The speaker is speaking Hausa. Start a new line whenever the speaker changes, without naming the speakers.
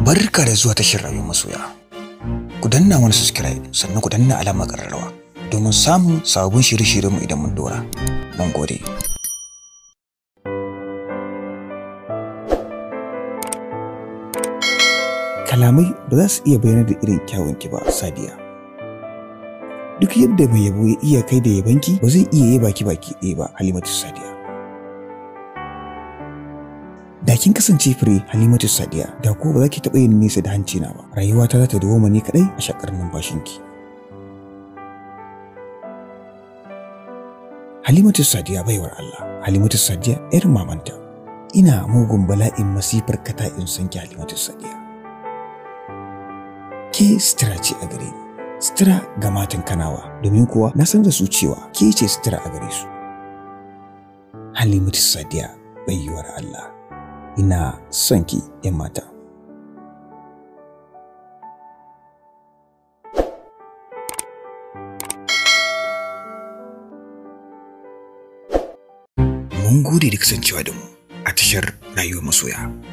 barka da zuwa tashar rayuwar masoya ku danna wani subscribe sannan ku danna alamar ƙararrawa domin samun sabon shirye-shiryenmu idan mun dora mun gode kalamai ba za su iya bayyana da irin kyawun ki ba sadiya duk yadda mai yabo ya iya kai da yabanki ba zai iya yi baki baki ɗaya ba halimatu sadiya kin kasance fure Halimatu Sadiya da ko ba za ki taɓa yin nesa da hanci na ba rayuwa ta za ta dawo ne kaɗai a shakar ki. Halimatu Sadiya baiwar Allah Halimatu Sadiya ‘yar mamanta ina mugun bala'in masifar kata in san ki Halimatu Sadiya. Ke sutura ce a gare ni sutura ga matan kanawa domin kuwa na san da su cewa ke ce sutura a gare su. Halimatu Sadiya baiwar Allah. ina son ki ‘yan mata. Mun gode da kasancewa da mu a tashar rayuwar masoya.